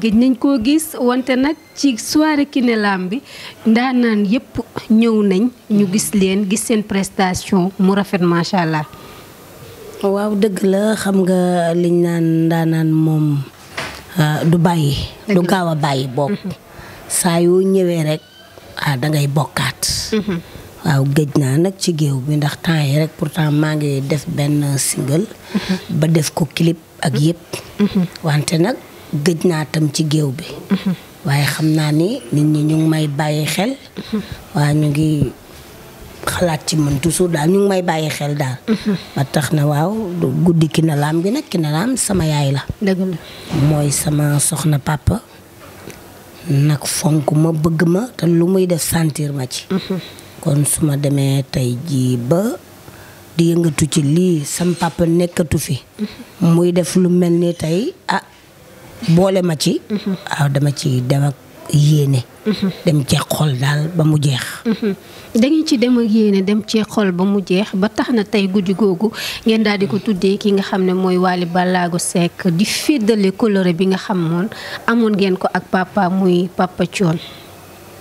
géej nañ ko gis wonte nak ci soirée Kiné lambi bi ndaanaan yépp ñew nañ ñu gis leen gis seen prestation mu rafet macha allah. waaw deug la xam nga liñ naan ndaanaan mom ah, du bàyyi. du gawa a bok sa mm-hmm. saa ñewé rek ah da ngay bokkat mm-hmm. waaw gej na nak ci géew bi ndax tan yi rek pourtant ma ngi def Ben single. Mm-hmm. ba def ko clip ak yépp. wante nak gëj naa tam ci géew bi. waaye xam naa ni nit ñi ñu may bàyyi xel. waa ñu ngi xalaat ci man toujours daal ñu may bàyyi xel daal. ba tax na waaw guddi ki laam gi nag ki na laam sama yaay la. dëgg mooy sama soxna papa. nag fonk ma bëgg ma te lu muy def santiir ma ci. kon su demee tey jii ba di yëngatu ci lii sam papa nekkatu fi. muy def lu mel ni tey ah boole ma ci. waaw mhm. ah, dama ci dem ak yéene. Mhm. dem ci xol daal ba mu jeex. Mhm. da ci dem ak yéene dem ci xol ba mu jeex ba tax na tey guddi googu ngeen daal di ko tuddee ki nga xam ne mooy waali Wally Ballago Seck di féddale coloré bi nga xam moon amoon ngeen ko ak papa muy papa Thione.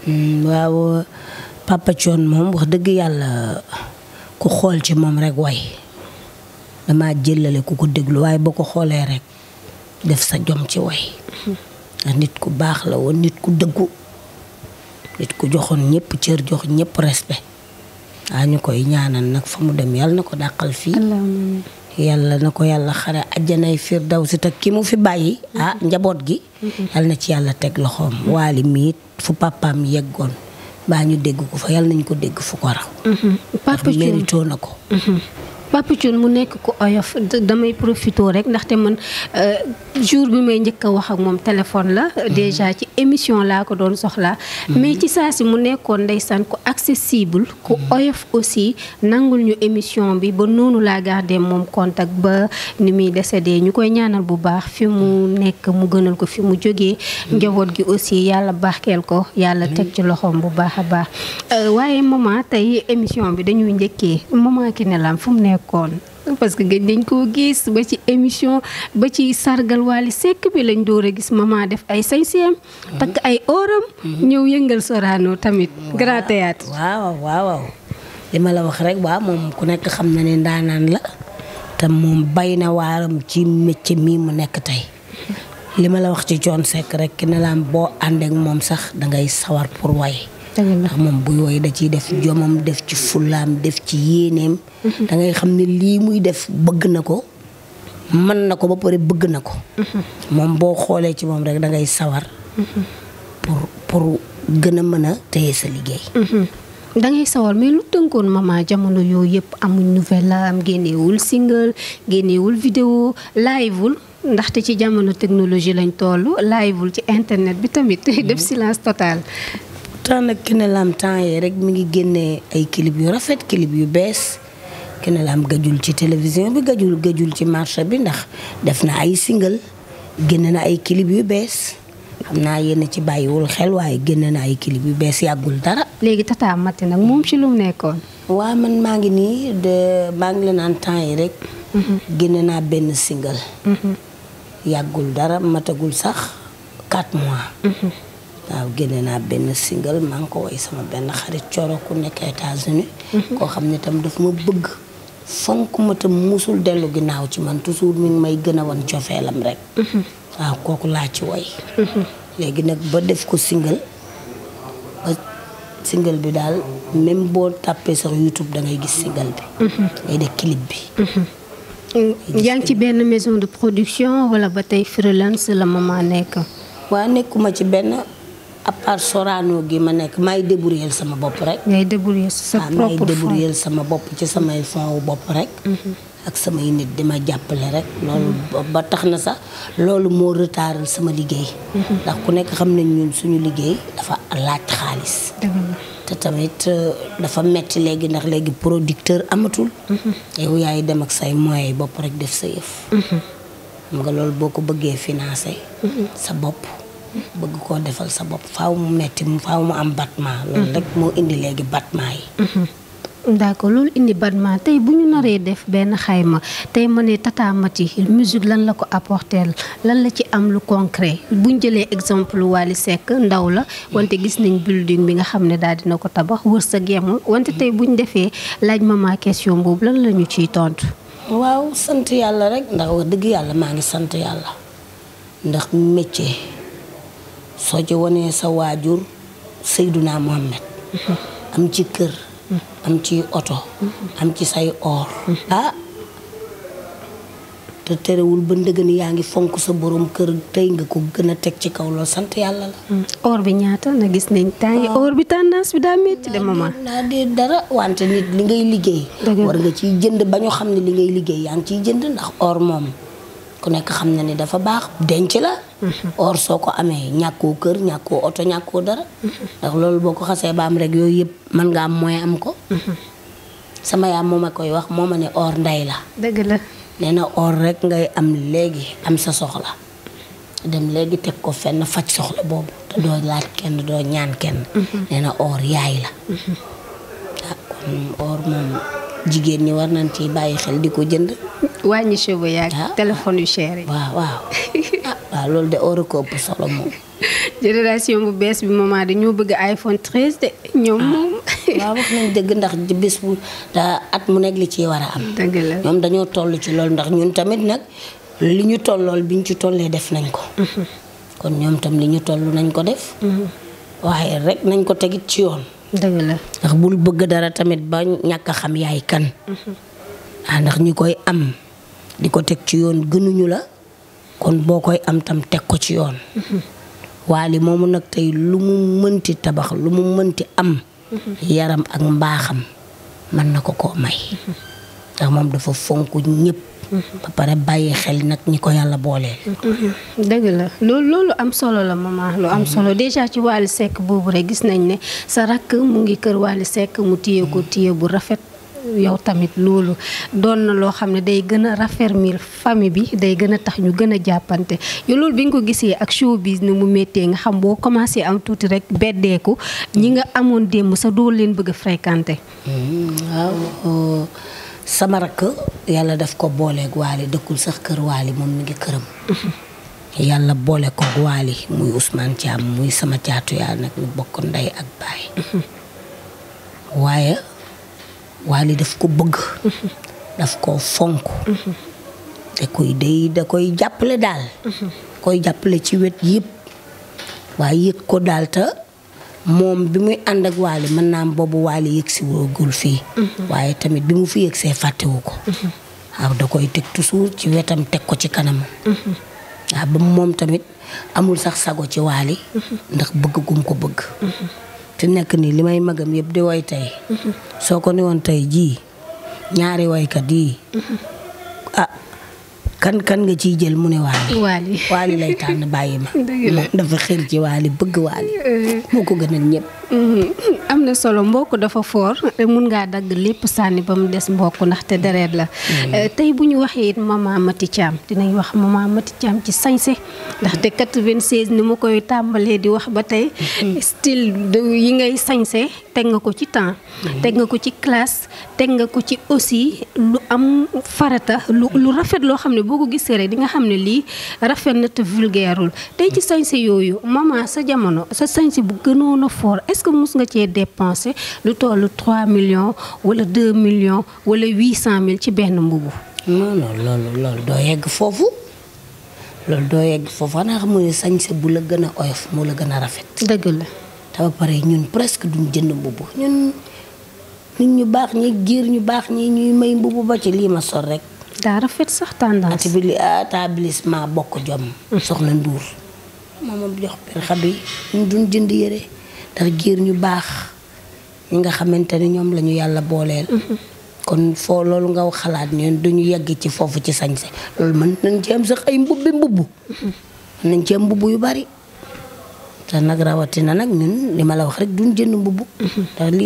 Hmm, waaw papa moom wax dëgg yàlla ku xool ci moom rek way dama jëlale ku ko déglu waaye boo ko xoolee rek. def sa jom ci way ndax nit ku baax la woon nit ku dëggu nit ku joxoon ñépp cër jox ñëpp respect waa ñu koy ñaanal nag fa mu dem yàlla na ko dàqal fii yàlla na ko yàlla xare ajjanay si te ki mu fi bàyyi ah njaboot gi yàlla na ci yàlla teg loxoom waali miit fu papaam yeggoon baa ñu dégg ko fa yàlla nañ ko dégg fu ko raw mhm. mérito na ko mhm. Papa Thioune mu nekk ku oyof damay profité rek ndax te man euh, jour bi may njëkk a wax ak moom téléphone la. Mm-hmm. déjà ci émission laa ko doon soxla mm-hmm. mais ci saa si mu nekkoon ndeysaan ku accessible. ku mm-hmm. oyof aussi nangul ñu émission bi ba noonu laa gardé moom contact ba ni muy décédé ñu koy ñaanal bu baax fi mu nekk mu gënal ko fi mu jóge njaboot gi aussi yàlla baaxkeel ko yàlla teg ci loxoom bu baax a baax. Euh, waaye maman tey émission bi dañuy njëkkee maman Kiné Lam fu nekkoon parce que gëj dañ koo gis ba ci émission ba ci sargal Wally Seck bi lañ door a gis ma maa def ay sañseem takk ay ooram ñëw yëngal Sorano tamit grand théâtre waaw waaw li ma la wax rek waaw moom ku nekk xam na ne ndaanaan la te moom bay na waaram ci métier mii mu nekk tey li ma la wax ci Thione Seck rek ki ne boo àndeek moom sax dangay sawar pour way ndax moom bu yooyu da ciy def jomam def ci fulaam def ci yéeneem. Mhm. da ngay xam ne lii muy def bëgg na ko mën na ko ba pare bëgg na ko. Mhm. boo xoolee ci moom rek da sawar. Mhm. pour pour gën a mën a téye sa liggéey. sawar mais lu tënkoon mama jamono yooyu yëpp amuñ nouvelle am génnewul single génnewul vidéo live wul ndaxte ci jamono technologie lañ toll live wul ci internet bi tamit. def silence total. pourtant nag Kiné Lam temps yi rek mu ngi génnee ay clip yu rafet clip yu bees Kiné Lam gëjul ci télévision bi gajul gëjul ci marché bi ndax def na ay single génne na ay clip yu bees xam naa yéen ci bàyyiwul xel waaye génne na ay clip yu bees yàggul dara. léegi Tata Maty nag moom ci lu nekkoon. waa man maa ngi nii de maa ngi la naan temps yi rek. Mhm. génne naa benn single. Mhm. yàggul dara matagul sax 4 mois. Mhm. waaw génne naa benn single maa ngi ko woy sama benn xarit coro ku nekk États-Unis mhm. koo xam ne tam daf ma bëgg fonk ma tam musul dellu ginnaaw ci man toujours mi ngi may gën a wan cofeelam mhm. laa ci woy mhm. léegi nag ba def ko single bi daal même boo tàppee sax YouTube da gis single bi ngay def clip bi mm, yaa ngi ci benn maison de production wala ba tey freelance la maman nekk waa nekkuma ci benn à part Sorano gi ma nekk maay débrouiller sama bopp rek. ngay débrouiller sa ah, propre fonds maay débrouiller sama bopp ci samay fonds wu bopp rek. Mhm. ak samay nit di ma jàppale rek. loolu ba tax na sax loolu moo retardé sama liggéey. Mhm. ndax ku nekk xam nañ ñun suñu liggéey dafa laaj xaalis. te tamit euh, dafa metti léegi ndax léegi producteur amatul. Mhm. yow yaay dem ak say moye yi bopp rek def sa yëf. xam nga loolu boo ko bëggee financer. sa bopp. bëgg koo defal sa bopp faaw mu metti faaw mu am battement loolu mhm. rek moo indi léegi battement yi mhm. d'accord loolu indi battement tey bu ñu naree def benn xayma tey ma ne Tata Maty lan la ko apporter lan la ci am lu concret bu jëlee exemple Wally Seck ndaw la wante gis nañ building bi nga xam ne daal dina ko tabax wër sa yemul wante tey bu ñu defee laaj ma ma question boobu lan la ñu ciy tontu. waaw sant yàlla rek ndax dëgg yàlla maa ngi sant yàlla ndax so ci woné sa wajur sayyiduna muhammad am ci kër am ci auto am ci say or ah te terewul ba ndëg ni yaangi fonk sa borom kër tay nga ko gëna tek ci kaw lo sant yalla la. Hmm. or bi ñaata na gis nañ tay ah. or bi tendance bi da metti de mama na de dara wante nit li ngay liggéey. war nga ci jënd bañu xamni li ngay liggéey ci jënd ndax or mom ku nekk xam na ni dafa baax denc la mhm. or soo ko amee ñàkkoo kër ñàkkoo oto ñàkkoo dara mhm. ndax loolu boo ko xasee ba am rek yooyu yëpp man nga am mooy am ko mhm. sama yaam moom ma koy wax moo ma ne or ndey la dëgg la nee na or rek ngay am léegi am sa soxla dem léegi teg ko fenn faj soxla boobu te doo laaj kenn doo ñaan kenn nee na yaay la ah moom jigéen ñi war nañ ci bàyyi xel di ko jënd. wàññi cheveux yaag ah. téléphone yu cher yi. waaw waaw ah waaw loolu de ore ko ëpp solo moom. génération bu bees bi maman dañoo bëgg iPhone 13 de. ñoom ah. moom waaw wax nañ dëgg ndax bés bu daa at mu nekk li ciy war a am. dëgg ñoom dañoo toll ci loolu ndax ñun tamit nag li ñu tollool biñ ci tollee def nañ ko. Mhm. kon ñoom tam li ñu toll nañ ko def. Mhm. waaye rek nañ ko tegit ci yoon. dëgg la ndax bul bëgg dara tamit ba ñàkk a xam yaay kan. Mhm. ah ndax ñi koy am di ko teg ci yoon gënuñu la kon boo koy am tam teg ko ci yoon. Mhm. waali moomu nag tey lu mu mënti tabax lu mu mënti am. Mhm. yaram ak mbaaxam mën na ko koo may. ndax moom dafa fonk ñëpp. Mhm. ba pare bàyyi xel nag ñi ko yàlla booleel. Mhm. dëgg la loolu loolu am solo la maman lu am mhm. solo déjà ci Wally sekk boobu rek gis nañ ne sa rakk mu ngi kër Wally Seck mu tiye ko tiye bu rafet. yow tamit loolu doon na loo xam ne day gën a raffermir famille bi day gën a tax ñu gën a jàppante yow loolu bi nga ko gisee ak showbiz ni mu méttee nga xam boo commencé am tuuti rek beddeeku ñi nga amoon démb sa doo leen bëgg a fréquenter. sama rakk yàlla daf ko booleeg waali dëkkul sax kër waali moom mi ngi këram. yàlla boole ko waali muy Ousmane Thiam muy sama caatu yaa nag ñu bokk ndey ak baay. waaye waali daf ko bëgg. daf ko fonk. da koy day da koy jàppale daal. koy jàppale ci wet yëpp waaye yëg ko daal ta moom bi muy ànd ak waali mën naa am boobu waali yëg si woogul fii mhm. waaye tamit bi mu fi yëg see fàttewu ko mhm. waaw da koy teg toujours ci wetam teg ko ci kanam mhm. waaw ba moom tamit amul sax sago ci waali ndax bëgg gum ko bëgg te nekk nii li may magam yépp di woy tey soo ko ne woon tey jii ñaari woykat yii ah kan kan nga ci jël mu ne waali waali waali lay tan bayima ma dafa xir ci wali bëgg waali eh. moko gënal ñepp mm-hmm. amna na solo mbokk dafa for te mën nga dag lepp ba dess des nak te dereet la mm. eh, tay buñu waxe it mama mati cham dinañ wax mama mati cham ci sañse te 96 ni mu koy tambalé di wax ba tay mm-hmm. style de yi ngay sañse teg nga ko ci temps mm-hmm. teg nga ko ci classe teg nga ko ci aussi lu am farata lu lu rafet lo xamne bu boo ko gisee rek di nga xam ne lii rafet na te vulgairewul tey ci sañse yooyu maman sa jamono sa sañse bu gënoon a fort est-ce que mus nga cee dépenser lu tollu 3 millions wala 2 millions wala cent mille ci benn mbubu. non non loolu loolu doo yegg foofu. loolu doo yegg foofu xanaa xam ne sañse bu la gën a oyof moo la gën a rafet. dëgg la te ba pare ñun presque duñ jënd mbubu ñun nit ñu baax ñi giir ñu baax ñii ñuy may mbubu ba ci lii ma sol rek. da rafet sax tendance ati bi établissement ah, bokk jom soxna nduur bi jox bir xabi ñu duñ jënd yéré ndax giir ñu bax ñi nga xamanteni ñom lañu yalla kon fo lolou nga xalaat ñun duñu yegg ci fofu ci sañse lolou man nañ ci am sax ay mbubbi mbubbu nañ ci am mbubbu yu bari nak rawati na nak ñun li la wax rek duñ jënd mbubbu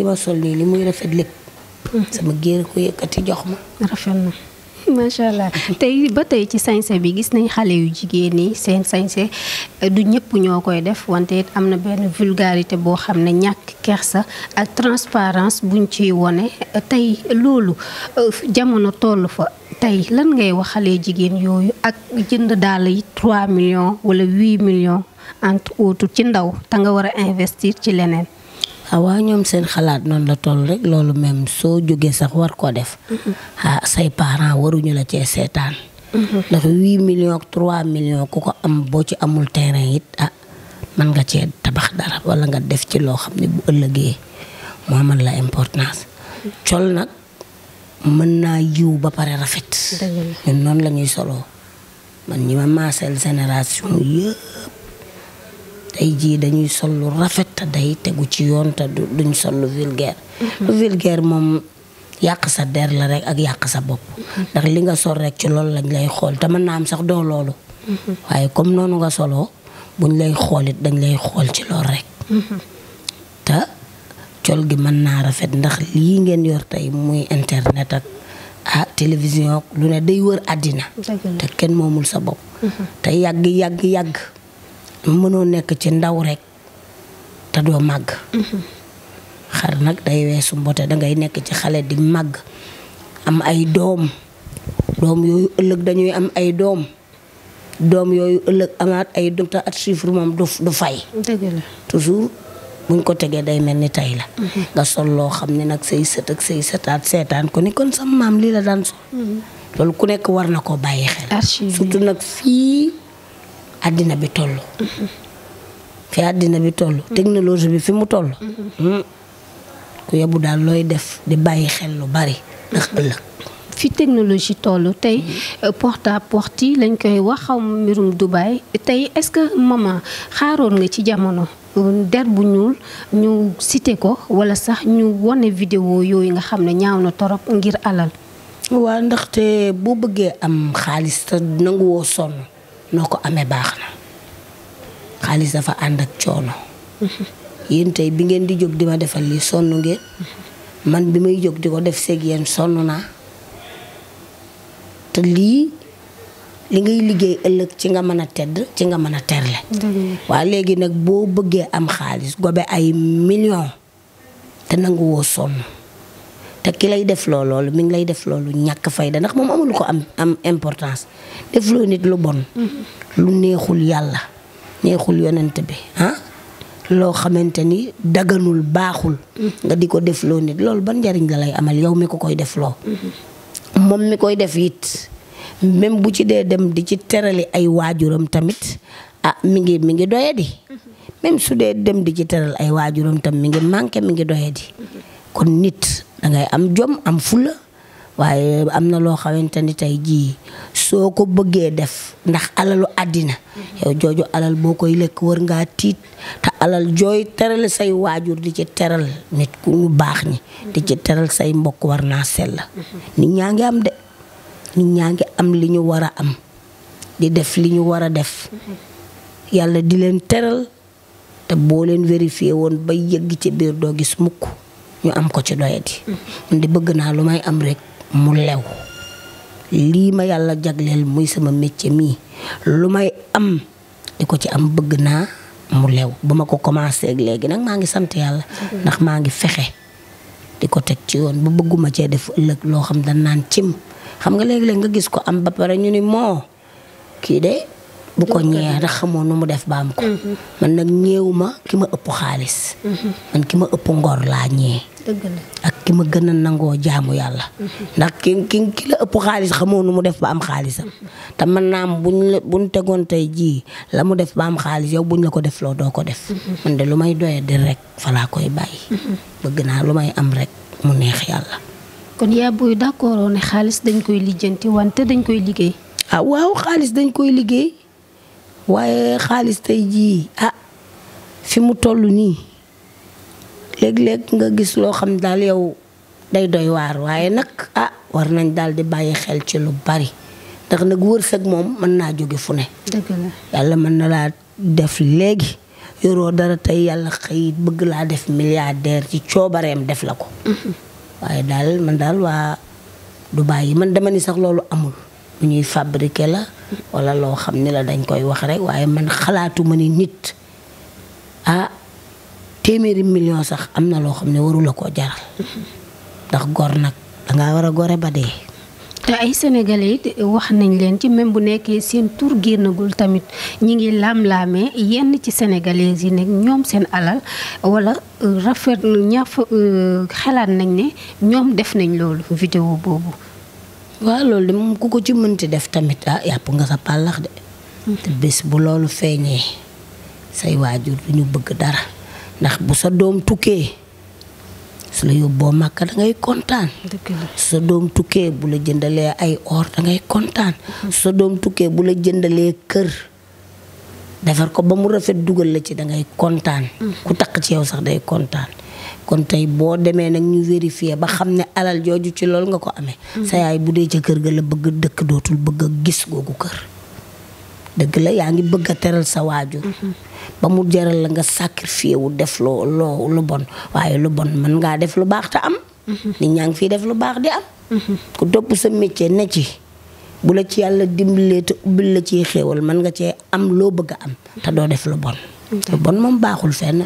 ma sol ni li rafet lepp mm-hmm. sama géer ko yëkkati jox ma rafet na macha allah tey ba tey ci sañse bi gis nañ xale yu jigéen ñi seen sañse du ñëpp ñoo koy def wante it am na benn vulgarité boo xam ne ñàkk kersa ak transparence buñ ciy wone tey loolu euh, jamono toll fa tey lan ngay wax xale jigéen yooyu ak jënd dàll yi 3 millions wala 8 millions entre autres ci ndaw te nga war a investir ci leneen. waaw ñoom seen xalaat noonu la toll rek loolu même soo jógee sax war koo def. ah say parent waruñu la cee seetaan. ndax huit millions ak trois millions ku ko am boo ci amul terrain it ah mën nga cee tabax dara wala nga def ci loo xam ne bu ëllëgee moo amal la importance. col nag mën naa yiw ba pare rafet. ñun noonu la ñuy soloo man ñi ma maaseel génération yëpp. tey jii dañuy sol lu rafet te day tegu ci yoon te duñ sol lu vulgaire. Mm-hmm. lu vulgaire moom yàq sa der la rek ak yàq sa bopp. Mm-hmm. ndax li nga sol rek ci loolu lañ lay xool te mën naa am sax doo loolu. Mm-hmm. waaye comme noonu nga soloo buñ lay xoolit dañ lay xool ci loolu rek. te col gi mën naa rafet ndax lii ngeen yor tey muy internet ak. ah télévision lu ne day wër àddina te kenn moomul sa bopp te yàgg yàgg yàgg mënoo nekk ci ndaw rek te doo màgg. Mhm. xar nag day weesu mbote dangay nekk ci xale di màgg am ay doom doom yooyu ëllëg dañuy am ay doom doom yooyu ëllëg amaat ay doom te at chiffre moom du du fay. dëgg toujours buñ ko tegee day mel ni tey la. Mhm. nga sol loo xam ne nag say sët ak say sëtaat seetaan ko ni kon sama maam lii la daan sol. Mhm. loolu ku nekk war na koo bàyyi xel. surtout nag fii. àddina bi toll. fi àddina bi toll. technologie bi fi mu toll. ku yebbu daal looy def di bàyyi xel lu bari fi technologie toll tey porte à lañ koy wax xaw ma mbirum Dubaï tey est-ce que maman xaaroon nga ci jamono der bu ñuul ñu site ko walla sax ñu wone vidéo yooyu nga xam ne ñaaw na torop ngir alal. waaw ndaxte boo bëggee am xaalis te nanguwoo sonn noo ko amee baax na xaalis dafa ànd ak coono. yéen tey bi ngeen di jóg di ma defal lii sonn ngeen. man bi may jóg di ko def séeg yéen sonn naa te lii li ngay liggéey ëllëg ci nga mën a tedd ci nga mën a terle. waaye léegi nag boo bëggee am xaalis gobe ay million te nanguwoo sonn. te ki lay def loo loolu mi ngi lay def lu ñàkk fayda ndax moom amul ko am am importance def loo nit lu bon. lu neexul yàlla neexul yonent bi ah loo xamante ni daganul baaxul. nga di ko def loo nit loolu ban njariñ la lay amal yow mi ko koy def loo. moom mi koy def it même bu ci dee dem di ci terali ay waajuram tamit ah mi ngi mi ngi doye di même su dee dem di ci ay waajuram tam mi ngi manqué mi ngi doye di kon nit. da ngay am jom am fula waye am lo xawenteni tay ji soko beugé ko def ndax alalu adina yow jojo alal bokoy lek wër nga ngaa ta alal Joy teral say wajur di ci teral nit ku ñu bax ni di ci teral say mbokk warna sel ni ñangi am de ni ñangi am li ñu am di def li ñu def yalla di len teral ta bo len vérifier won ba yegg ci bir do gis mukk ñu am ko ci doyati. man di bëgg naa lu may am rek mu lew lii ma yàlla jagleel muy sama métier mii lu may am di ko ci am bëgg naa mu lew bu ma ko commencé ak léegi nag maa ngi sant yàlla. ndax maa ngi fexe di ko teg ci yoon bu bëgguma cee def ëllëg loo xam dañ naan cim xam nga léegi-léeg nga gis ko am ba pare ñu ni moo kii de. bu ko ñëwee ndax xamoo nu mu def baam ko. Mm-hmm. man nag ñëwuma ki ma ëpp xaalis. Mm-hmm. man ki ma ëpp ngor laa ñëwee. ak ki ma gën a nangoo jaamu yàlla. Mm-hmm. ndax ki ki ki la ëpp xaalis xamoo nu mu def ba am xaalisam. Mm-hmm. te mën naam am buñ tegoon tey jii la mu def ba am xaalis yow buñ la ko def loo doo ko def. Mm-hmm. man de lu may doyee di rek fa koy bàyyi. bëgg naa lu may am rek mu neex yàlla. kon yaa booy d'accord ne xaalis dañ koy lijjanti wante dañ koy liggéey. ah waaw xaalis dañ koy liggéey waaye xaalis tey jii ah fi mu toll nii. leg leg nga gis lo xam dal yow day doy war waye nak ah war nañ dal di baye xel ci lu bari tax nak wërsëg mom man na jóge fune ne. dëgg la yàlla man na la def legi yoro dara tay yalla xëy bëgg la def milliardaire ci ciobarem def lako mhm. waye dal man dal wa Dubaay yi man dama ni sax lolu amul. ñuy fabriquer la. wala lo xamni la dañ koy wax rek waye man xalaatu ma nit téméré million sax amna lo xamné xam ne waru la koo jaral ndax gor nak da nga wara a gore ba dee te ay sénégalais it wax nañ leen ci même bu nekkee seen tour génnagul tamit ñi ngi lam lamé yenn ci sénégalais yi nag ñom seen alal wala euh, rafet ñaaf euh, xalaat nañ né ñom def nañ loolu vidéo bobu wa loolu de ku ko ci mënti def tamit ah yap nga sa palax de mm-hmm. te bés bu loolu feeñee say waajur ñu bëgg dara ndax bu sa doom tukkee su la yóbboo màkka da ngay kontaan sa doom tukkee bu la jëndalee ay or da ngay kontaan mm-hmm. sa doom tukkee bu la jëndalee kër defar ko ba mu rafet dugal la ci da ngay kontaan mm-hmm. ku takk ci yow sax day kontaan kon tey boo demee nag ñu vérifier ba xam ne alal jooju ci loolu nga ko amee mm-hmm. sa yaay bu dee ca kër ga la bëgg dëkk dootul bëgg a gis googu kër dëgg la yaa ngi bëgg a teral sa waajur. Mm-hmm. ba mu jaral la nga sàkkir wu def loo loo lu bon waaye lu bon mën ngaa def lu baax te am. Mm-hmm. nit ñaa ngi fiy def lu baax di am. Mm-hmm. ku topp sa métier ne ci bu la ci yàlla dimbalee te ubbil la ciy xeewal mën nga cee am loo bëgg am te doo def lu bon. lu bon moom baaxul fenn.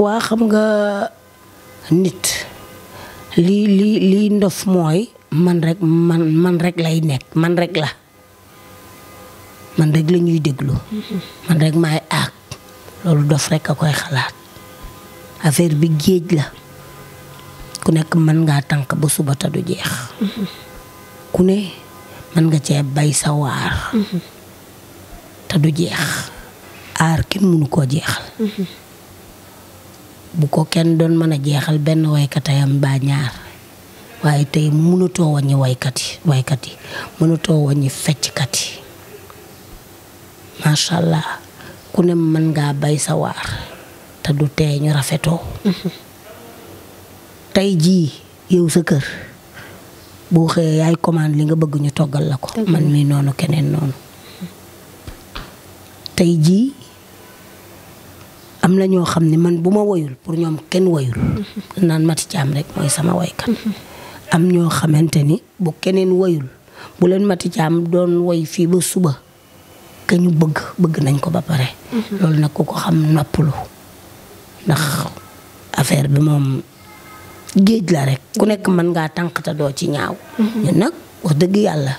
wa xam nga nit li li li ndof moy man rek man man rek lay nek man rek la man rek la deglu man rek may ak lolou dof rek akoy koy xalaat affaire bi geej la ku nek man nga tank ba suba ta du jeex ku ne man nga ci bay sa war ta du jeex ar kenn mënu ko jeexal bu ko kenn doon mën a jeexal benn waykatayam baa ñaar waaye tey mënutoo wàññi waykat yi waykat yi mënutoo wàññi fecckat yi macha allah ku ne mën ngaa bay sa waar te du tee ñu rafetoo tey jii yow sa kër boo xëyee yaay commande li nga bëgg ñu toggal la ko man mii noonu keneen noonu tey jii am na ñoo xam ne man buma woyul pour ñom kenn woyul nan mati cham rek moy sama kan am ñoo xamanteni bu kenen woyul bu len mati cham don woy fi ba suba ke ñu bëgg bëgg nañ ko ba pare lool nak ku ko xam noppalu ndax affaire bi mom geej la rek ku nekk man nga tank ta do ci ñaaw ñun nak wax deug yalla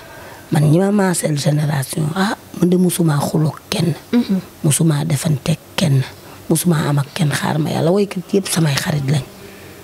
man ñima ma sel génération ah man de musuma xuloo kenn mhm. musuma defante kenn musuma am ak kenn xaar ma yàlla woykat yëpp samay xarit lañ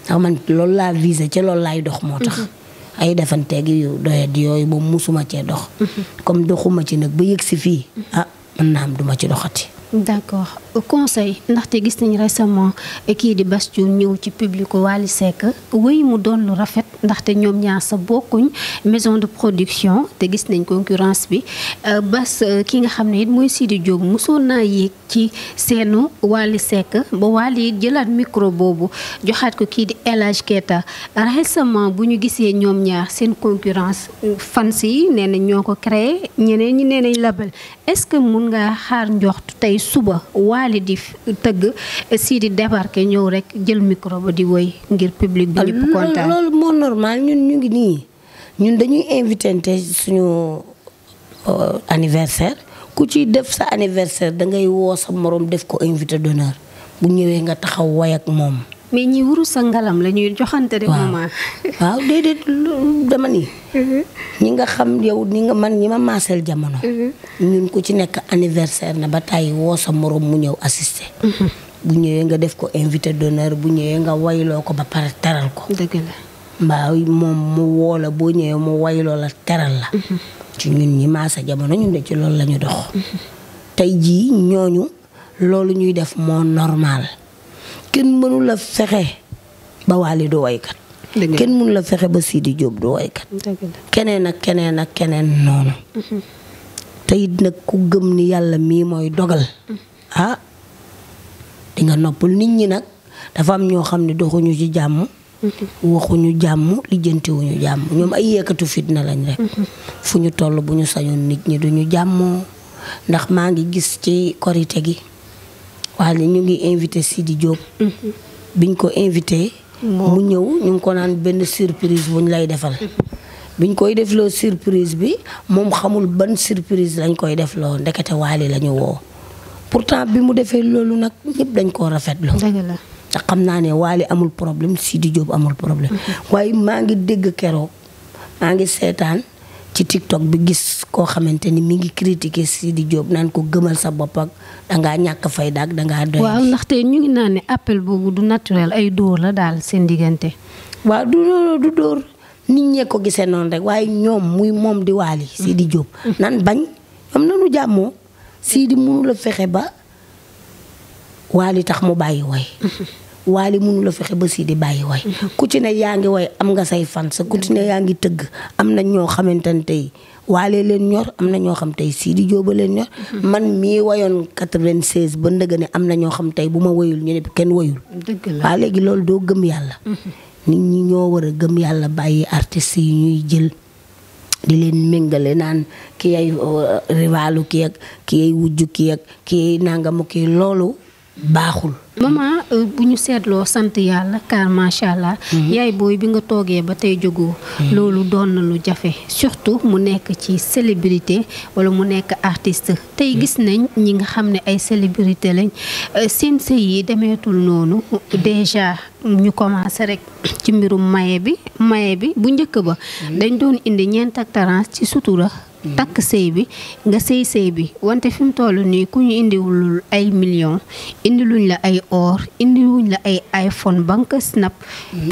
ndax man loolu laa visé ca loolu laay dox moo tax. Mm-hmm. ay defanteeg yu doyat yooyu ba musuma cee dox. Mm-hmm. comme doxuma ci nag ba yëg si fii. ah man naa am duma ci doxati. d'accord au conseil ndaxte gis nañ récemment kii di Bass Thioung ñëw ci public Wally Seck wéy mu doon lu rafet ndaxte ñoom ñaar sa bokkuñ maison de production te gis nañ concurrence bi euh, bas euh, ki nga xam ne it mooy Sidi Diop mosoon naa yéeg ci seenu Wally Seck ba Wally micro boobu joxaat ko kii di El Hadj Keita récemment bu ñu gisee ñoom ñaar seen concurrence fancy yi nee nañ ñoo ko créé ñeneen ñi label est-ce que mun nga xaar njort tey suba waale di tëgg sii di débarqué ñëw rek jël micro di woy ngir public bi ñëpp kontaan loolu moo normal ñun ñu ngi nii ñun dañuy invité suñu euh, anniversaire ku ci def sa anniversaire da ngay woo sa morom def ko invité d'honneur bu ñëwee nga taxaw woy ak moom mais ñi wuru sa ngalam la ñuy joxante ma moment. waaw déedéet dama ni. Mhm. ñi nga xam yow ni nga man ñi ma maaseel jamono. Mhm. ñun ku ci nekk anniversaire na ba tàyyi woo sa morom mu ñëw assister. Mhm. bu ñëwee nga def ko invité d'honneur bu ñëwee nga wayloo ko ba pare teral ko. dëgg mbaa moom mu woo boo ñëwee mu wayloo la teral la. ci ñun ñi maasa jamono ñun de ci loolu la dox. tey jii ñooñu loolu ñuy def moo normal. Ken mënu la fexé ba do way kat ken mënu la fexé ba Sidi do way kat kenen ak kenen ak kugem non mm-hmm. te nak ku gëm ni yalla mi moy dogal mm-hmm. ah di nga noppal nit ñi nak dafa am ño xamni doxu ñu ci jàmm mm-hmm. waxuñu wu ñu jamm ñom ay yeekatu fitna lañ rek fu ñu toll bu ñu nit ñi duñu jamm ndax maa ngi gis ci korité gi waa ni ñu ngi invité Sidi Diop. biñ ko invité. mu ñëw ñu ngi ko naan benn surprise buñ lay defal. biñ koy defloo surprise bi moom xamul ban surprise lañ koy defloo ndekete waali la ñu woo pourtant bi mu defee loolu nag ñëpp dañ koo rafetlu. dëgg la ndax xam naa ne waali amul problème di Diop amul problème. Mm-hmm. waaye maa ngi dégg keroog maa ngi seetaan. ci TikTok bi gis koo xamante ni mi ngi critiquer di jóob naan ko gëmal sa bopp ak dangaa ñàkk fay ak dangaa doy. waaw ndaxte ñu ngi naan ni appel boobu du naturel ay dóor la daal seen diggante. waa du dóor nit ñee ko gisee noonu rek waaye ñoom muy moom di waali di Diop. Mm. Mm. nan bañ am nanu jàmmoo Sidi mënu la fexe ba waali tax mu bàyyi woy mm-hmm. waali la fexe ba si di bàyyi way mhm. ku ci ne yaa ngi way am nga say fan sa ku yaa ngi tëgg am na ñoo xamante ne tey waalee leen ñor am na ñoo xam tey Sidi Diop leen ñor mhm. man mii wayoon 96 ba ndëgg ne am na ñoo xam tey bu ma wayul ñu kenn wayul waa léegi loolu doo gëm yàlla mhm. nit ñi ñoo war gëm yàlla bàyyi artistes yi ñuy jël di leen méngale naan ki ay uh, rivalu ki ak ki ay wujju ki loolu baaxul. maman euh, bu ñu seetloo sant yàlla car macha allah. Mhm. yaay booy bi nga toogee ba tey jógoo. Mhm. loolu doon na lu jafe surtout mu nekk ci célébrité wala mu nekk artist tey mhm. gis nañ ñi nga xam ne ay célébrité lañ euh, seen sëy yi demeetul noonu déjà ñu commencé rek ci mbirum maye bi maye bi bu njëkk ba. dañ doon indi ñeent ak tarance ci sutura. Tak sey bi nga sey sey bi wante fim tolu ni nii ku ñu indiwulul ay million indi luñ la ay or indi wuñ la ay iphone bank snap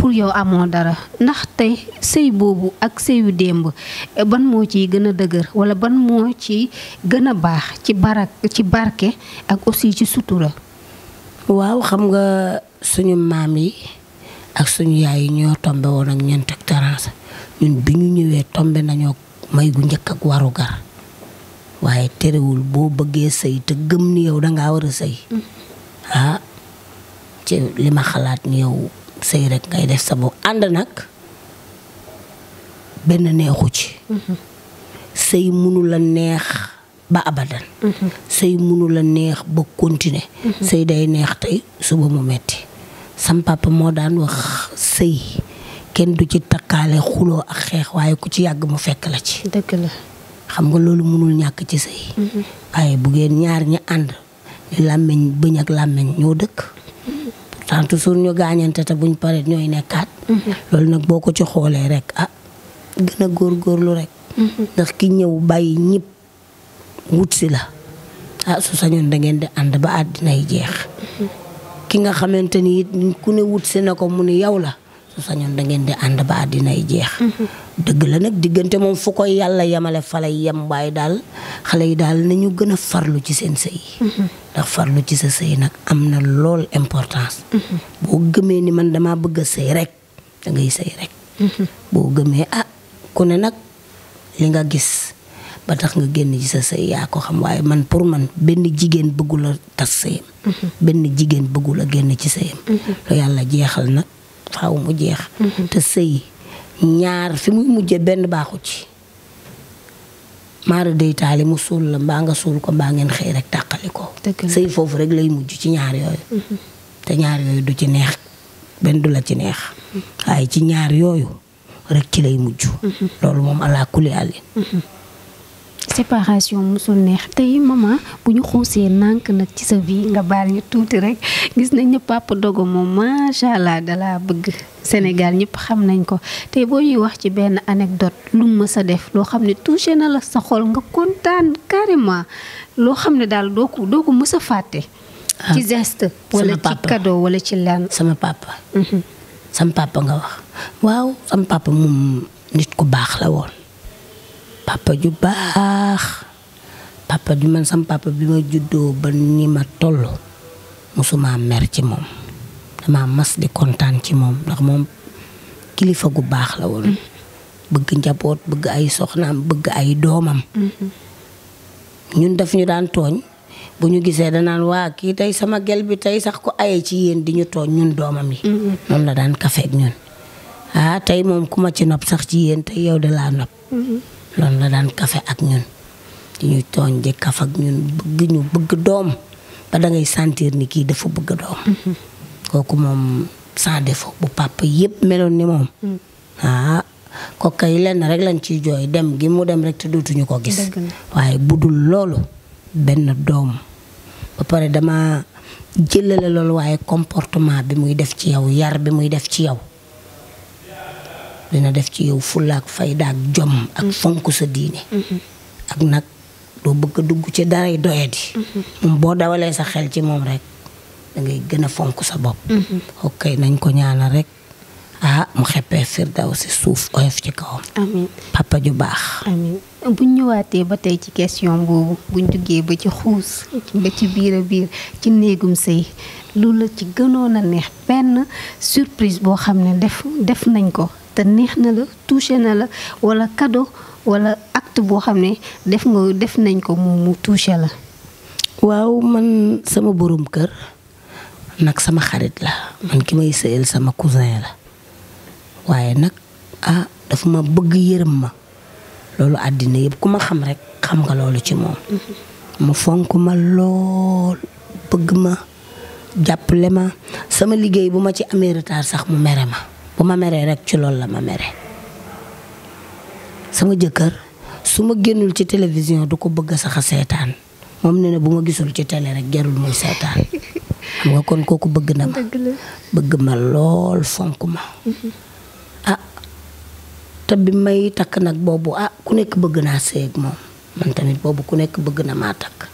pour yow amon dara ndax tey sey bobu ak sëyu demb ban mo ci gëna deugër wala ban mo ci gëna bax ci barak ci barké ak aussi ci sutura waaw xam nga suñu mam yi ak suñu yaay yi ñoo tombé won ak ñent ak tarance ñun biñu ñëwé tombé tombe may gu njëkk ak warugar waaye terewul boo bëggee sëy te gëm ni yow dangaa war a sëy mm-hmm. ah ci li ma xalaat ni yow sëy rek ngay def sa ànd nag benn neexu ci mm-hmm. sëy munu la neex ba abadan mm-hmm. sëy munu la neex ba continuer sëy day neex tey suba mu metti sam moo daan wax sëy kenn du ci takale xulo ak xex waye ku ci yag mu fekk la ci deug la xam nga lolu mënul ñak ci sey mm-hmm. ay bu gene ñaar ñi and lamagne bëñ ak lamagne ñoo dëkk pourtant toujours ñu gañante ta buñ pare ñoy nekkat mm-hmm. lolu nak boko ci xolé rek ah gor a lu rek mm-hmm. ndax ki ñew bayyi ñëpp wut ci la ah su sañoon da ngeen di and ba adina yi jeex ki nga xamanteni ku ne wut ci na mu ne yaw la su sañoon dangeen di ànd baa àddina jeex. dëgg la nag diggante moom fu ko yàlla yemale fa yem waaye daal xale yi daal nañu gën a farlu ci seen sëy. ndax farlu ci sa sëy nag am na lool importance. boo gëmee ni man damaa bëgg a sëy rek da ngay sëy rek. boo gëmee ah ku ne nag li nga gis. ba tax nga génn ci sa sëy yaa ko xam waaye man pour man benn jigéen bëggula a tas sëyam mm-hmm. benn jigéen bëggul génn ci sëyam mm-hmm. lu yàlla jeexal nag xaw mu jeex. Mm-hmm. te sëy ñaar fi muy mujje benn baaxu ci. maara day taali mu suul la mbaa nga suul ko mbaa ngeen xëy rek tàqali ko. sëy foofu rek lay mujj ci ñaar yooyu. Mm-hmm. te ñaar yooyu du ci neex benn du la ci neex. Mm-hmm. waaye ci ñaar yooyu rek ci lay mujj. loolu moom ala kulli séparation musul neex tey maman bu ñu xoosee nànk nag ci sa vie nga baal ñu tuuti rek gis nañ ne papa Dogo moom macha allah dalaa bëgg Sénégal ñëpp xam nañ ko tey boo ñuy wax ci benn anecdote lu mu mës a def loo xam ne touché na la sa xol nga kontaan carrément loo xam ne daal doo ko doo mës a fàtte. Ah. ci geste. wala ci cadeau wala ci lan. sama papa. Mhm. sama papa nga wax waaw sama papa moom nit ku baax la woon. papa ju baax papa ju man sam papa bi ma juddo ba ni ma toll musuma mer ci mom dama mas di kontan ci mom ndax mom kilifa gu baax la won mm. bëgg njabot bëgg ay soxnam bëgg ay domam ñun mm-hmm. daf ñu daan togn bu ñu gisee naan waa kii tey sama gel bi tey sax ko aye ci yéen di ñu tooñ ñun doomam yi noonu mm-hmm. la daan kafeeg ñun ah tey moom ku ci nopp sax ci yéen tey yow de laa nopp mm-hmm. loolu la daan kafe ak ñun di ñu tooñ di kaf ak ñun bëgg ñu bëgg doom ba dangay ngay ni kii dafa bëgg doom mm-hmm. kooku moom sans défaut bu papa yëpp meloon ni moom mm. ah ko kay lenn rek lañ ciy jooy dem gi mu dem rek te dootuñu ko gis waaye bu dul loolu benn doom ba pare dama jëlale loolu waaye comportement bi muy def ci yow yar bi muy def ci yow dina def ci yow fulla ak fayda ak jom ak mm-hmm. fonk sa diine mm-hmm. ak nag doo bëgg a dugg ci daray doyadi mm-hmm. moom boo dawalee sa xel ci moom rek dangay ngay gën a fonk sa bopp ok nañ ko ñaanal rek ah mu xeppee firdaw si suuf oyof ci kawam papa ju baax buñ ñëwaatee ba tey ci question boobu buñ duggee ba ci xuus ba ci biir biir ci néegum sëy loolu la ci gënoon a neex benn surprise boo xam ne def def nañ ko te neex na la touché na la walla cadeau walla act boo xam ne def nga def nañ ko mu mu touché la. waaw man sama borom kër nag sama xarit la man ki may sëyal sama cousin la waaye nag ah dafa ma bëgg yërëm ma loolu àddina yëpp ku ma xam rek xam nga loolu ci moom. Mm-hmm. mu fonk ma lool bëgg ma jàppale ma sama liggéey bu ma ci amee retard sax mu mere ma. bu ma meree rek ci loolu la ma mere sama jëkkër su ma génnul ci télévision du ko bëgg sax a seetaan moom ne ne bu ma gisul ci télé rek jarul mooy seetaan xam nga kon kooku bëgg na ma bëgg ma lool fonk ma mm-hmm. ah, te bi may takk nag boobu ah, ku nekk bëgg naa séeg moom man tamit boobu ku nekk bëgg na maa takk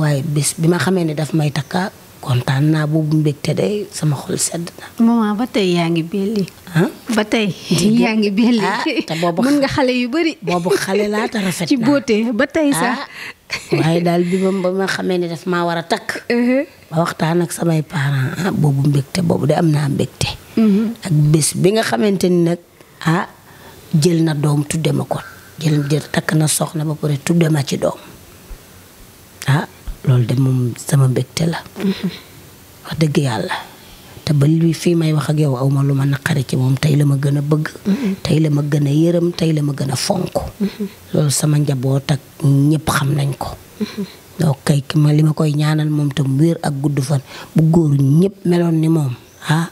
waaye bis bi ma xamee ne daf may takka ah, kontaan naa bu mbekté dé sama xol sedd na. mama ah, ba tey yaa belli. han ba tey. yaa ngi belli ah te boobu mën nga xalé yu bari. bobu xalé la ta rafet ci beauté ba tey sax. Ah, waaye bi ba ma xamé ne daf ma wara tak takk. Uh-huh. ba waxtaan ak samay parents ah bobu mbekté bobu dé amna mbekté mbégte. Uh-huh. ak bés bi nga xamante nak ah jël na dom tuddé ma ko jël jël tak na soxna ba paré tuddé ma ci dom ah. loolu de moom sama mbégte la. wax dëgg yàlla te ba lu fii may wax ak yow aw ma lu ma naqari ci moom tey la ma gën a bëgg. tey la ma gën a yërëm tey la ma gën a fonk. loolu sama njaboot ak ñëpp xam nañ ko. donc kay li ma koy ñaanal moom tam wér ak gudd fan bu góor meloon ni moom ah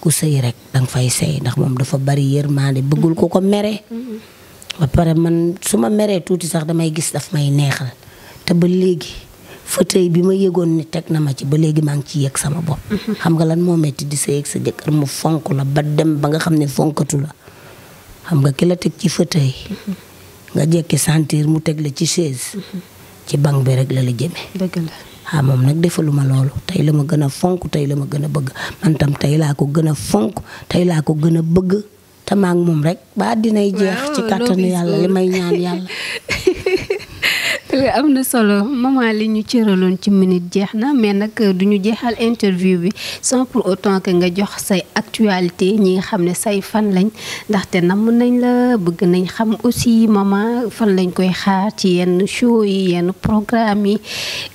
ku sëy rek danga fay sëy ndax moom dafa bari yërmaande bëggul ko ko mere. ba pare man su ma meree tuuti sax damay gis daf may neexal te ba léegi. fauteuil bi ma yëgoon ni teg na ma ci ba léegi maa ngi ci yëg sama bopp. Mhm. xam nga lan moo metti di sa yëg sa jëkkër mu fonk la ba dem ba nga xam ne fonkatu la xam nga ki teg ci fauteuil. Mhm. nga jekki santir mu teg la ci chaise. Mhm. ci banc bi rek la la jëmee. dëgg ah, moom nag defalu ma loolu tey la ma gën a fonk tey la ma gën a bëgg man tey laa ko gën a fonk tey laa ko gën a bëgg. te maa moom rek ba dinay jeex ci kàttanu yàlla li may ñaan yàlla am na solo maman li ñu cëraloon ci minute jeex na mais nag euh, duñu jeexal interview bi sans pour autant que nga jox say actualité ñi nga xam ne say fan lañ ndaxte namm nañ la bëgg nañ xam aussi maman fan lañ koy xaar ci yenn show yi yenn programme yi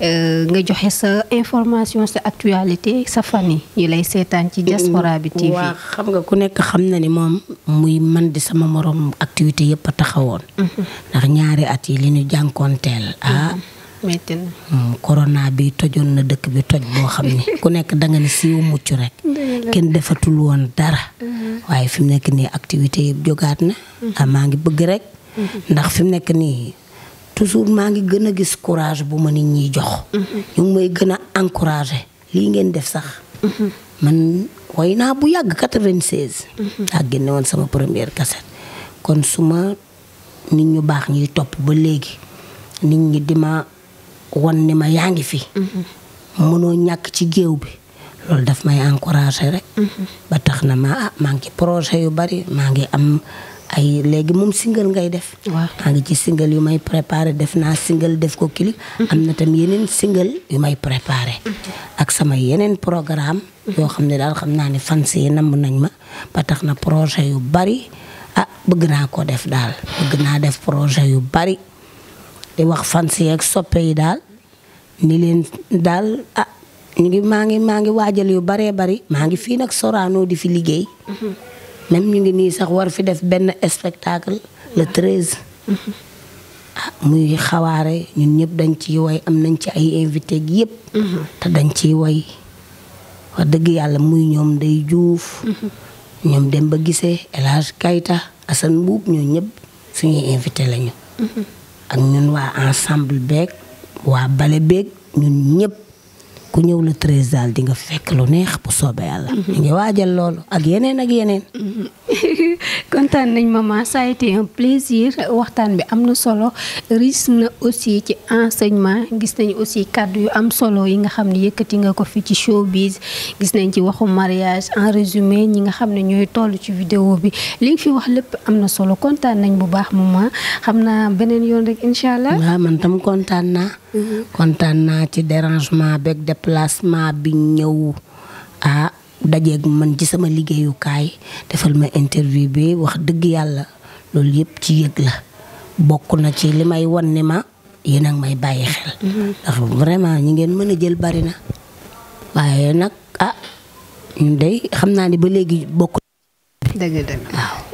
euh, nga joxe sa information sa actualité sa fan yi ñu lay seetaan ci diaspora bi TV waaw xam nga ku nekk xam na ni moom muy man di sama morom activité yëpp a taxawoon mhm. ndax ñaari at yi li ñu jànkonteel ah. Mm-hmm. metti na mm, corona bi tojoon na dëkk bi toj boo xam ne ku nekk danga ne siiw mucc rek. kenn defatul woon dara. Mm-hmm. waaye fi mu nekk nii activité yëpp jógaat na. Mm-hmm. Ah, maa ngi bëgg rek. ndax fi mu nekk nii toujours maa ngi gën a gis courage bu ma nit ñiy jox. ñu may gën a encouragé lii ngeen def sax. man woy naa bu yàgg 96. daa génne woon sama première cassette kon suma nit ñu baax ñuy topp ba léegi. nit ñi di wan ni ma yaa ngi fi. Mm-hmm. mënoo ñàkk ci géew bi loolu daf may encouragé rek. Mm-hmm. ba tax na ma ah maa projet yu bari maa ngi am ay léegi moom single ngay def. waaw maa ci single yu may préparé def naa single def ko clip. Mm-hmm. am na tam yeneen single yu may préparé. ak sama yeneen programme. yoo xam ne daal xam naa ne fans yi namm nañ ma ba tax na projet yu bari ah bëgg naa ko def daal bëgg naa def projet yu bari. di wax fans ak soppe yi daal ni leen daal ah ñu ngi maa ngi maa ngi waajal yu baree bari maa ngi fii nag soraanoo di fi liggéey. Mhm. même ñu ngi nii sax war fi def benn spectacle le treize. Mhm. Ah, muy xawaare ñun ñëpp dañ ci woy am nañ ci ay invité gi yëpp. Mhm. te dañ ci woy wax dëgg yàlla muy ñoom day juuf. ñoom dem ba gisee El Hadj Kayta Assane Mbuub ñoo ñëpp suñuy invité lañu. ak ñun waa ensemble beeg waa bale beeg ñun ñëpp ku ñëw la treize daal di nga fekk lu neex bu soobee yàlla. Mm-hmm. ñu ngi waajal loolu ak yeneen ak yeneen. Mm-hmm. kontaan nañ ma ça a été un plaisir waxtaan bi am na solo riche na aussi ci enseignement gis nañ aussi kàddu yu am solo yi nga xam ne yëkkati nga ko fi ci showbiz gis nañ ci waxu mariage en résumé ñi nga xam ne ñooy toll ci vidéo bi li fi wax lépp am na solo kontaan nañ bu baax ma xam naa beneen yoon rek incha allah. waaw man tam kontaan naa. Mhm. kontaan naa ci dérangement beeg déplacement bi ñëw ah. dajeeg man ci sama liggéeyukaay defal ma interview bi wax dëgg yàlla loolu yëpp ci yëg la bokk na ci li may wan ni ma yéen a may bàyyi xel. ndax vraiment ñi ngeen mën a jël bari na waaye nag ah ñun de xam naa ni ba léegi bokk. dëgg dëgg waaw.